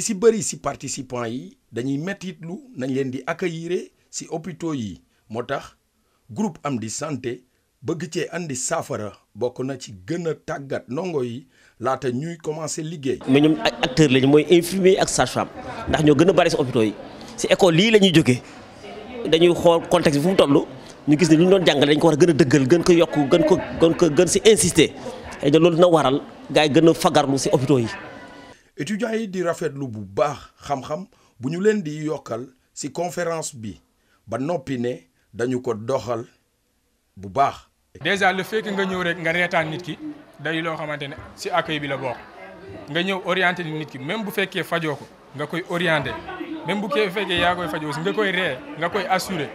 li si bëri si participants yi dañuy mettitlu nañ leen di accueillir si hôpitaux yi moo tax groupe am di santé bëgg cee andi saafara bokk na ci gën a tàggat ndongo yi laata ñuy commencé liggéey. mais ay acteurs lañu mooy infirmier ak sage ndax ñoo gën a bari si hôpitaux yi si école yii la ñuy jógee dañuy xool contexte bi fu mu toll ñu gis ne lu ñu doon jàngale dañ ko war a gën a dëggal gën ko yokk gën ko gën ko gën si insister xëy na loolu dina waral gars yi gën a fagarlu si hôpitaux yi. étudiants yi di rafetlu bu baax xam-xam bu ñu leen di yokkal ci conférence bi ba noppi ne dañu ko doxal bu baax. déjà le fait nga ñëw rek nga reetaan nit ki day loo xamante ne ci accueil bi la bokk nga ñëw orienté nit ki même bu fekkee fajoo ko nga koy orienté même bu fekkee yaa koy fajoo si nga koy ree nga koy assuré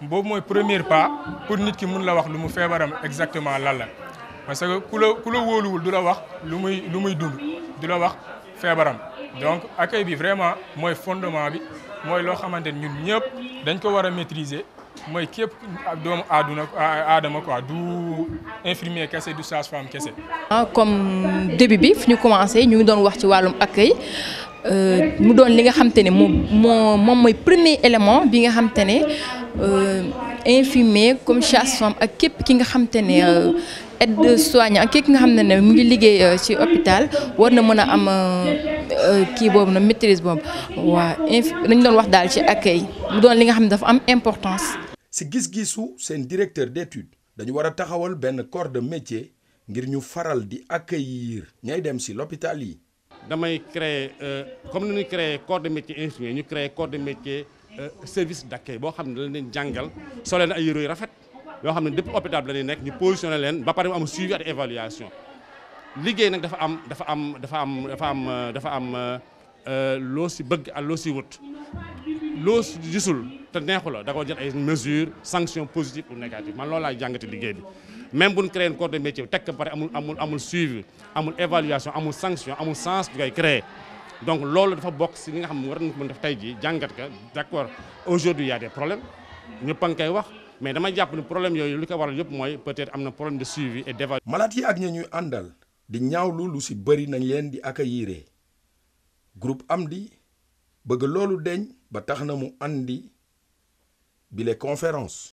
boobu mooy première pas pour nit ki mun la wax lu mu feebaram exactement lan la parce que ku la ku la wóoluwul du la wax lu muy lu muy dund. du la wax feebaram donc accueil bi vraiment mooy fondement bi mooy loo xamante ni ñun ñëpp dañ ko war a maîtriser mooy képp doomu aaduna aadama quoi du infirmier kese du sage-femme kese. Ah, comme début bi fi ñu commencé ñu ngi doon wax ci wàllum accueil euh, mu doon li nga xam te ne moom moo moom mooy premier élément bi nga xam te ne. Euh, infirmier comme sage-femme ak képp ki nga xam te ne euh, aide-soignant ak képp nga xam ne ne mu ngi liggéey euh, ci hôpital war na mën a am euh, kii boobu na maîtrise boobu waa inf dañu doon wax daal ci accueil mu doon li nga xam ne dafa am importance. si gis-gisu seen directeur d'études dañu war a taxawal benn corps de métier ngir ñu faral di accueillir ñay dem si l'hôpital yi. damay créer comme ni ñuy créer corps de métier infirmier ñu créer corps de métier. Euh, service d'accueil boo xam ne dañ leen jàngal soo leen ay yére yu rafet yoo xam ne depuis hôpital la ñuy ñi ñu positionné leen ba pare mu am suivi ak évaluation liggéey nag dafa am dafa am dafa am dafa am dafa am euh, loo si bëgg ak loo si wut loo si gisul te neexu la da ko jël ay mesures sanctions positives ou négatives man loolu laay jàngate liggéey bi même bu ñu créé corps de métier tekk ba pare amul amul amul suivi amul évaluation amul sanction amul sens bu koy créé donc loolu dafa bokk si li nga xam ne war nañ ko mën def tey jii jàngat ka d'accord aujourd'hui y a des problèmes ñëpp a ngi wax mais dama jàpp ne problème yooyu li ko waral yëpp mooy peut-être am na problème de suivi et d'évaluation. malade yi ak ña ñuy àndal di ñaaw lu si bëri nañ leen di accueillir groupe am di bëgg loolu deñ ba tax na mu andi bile conférence.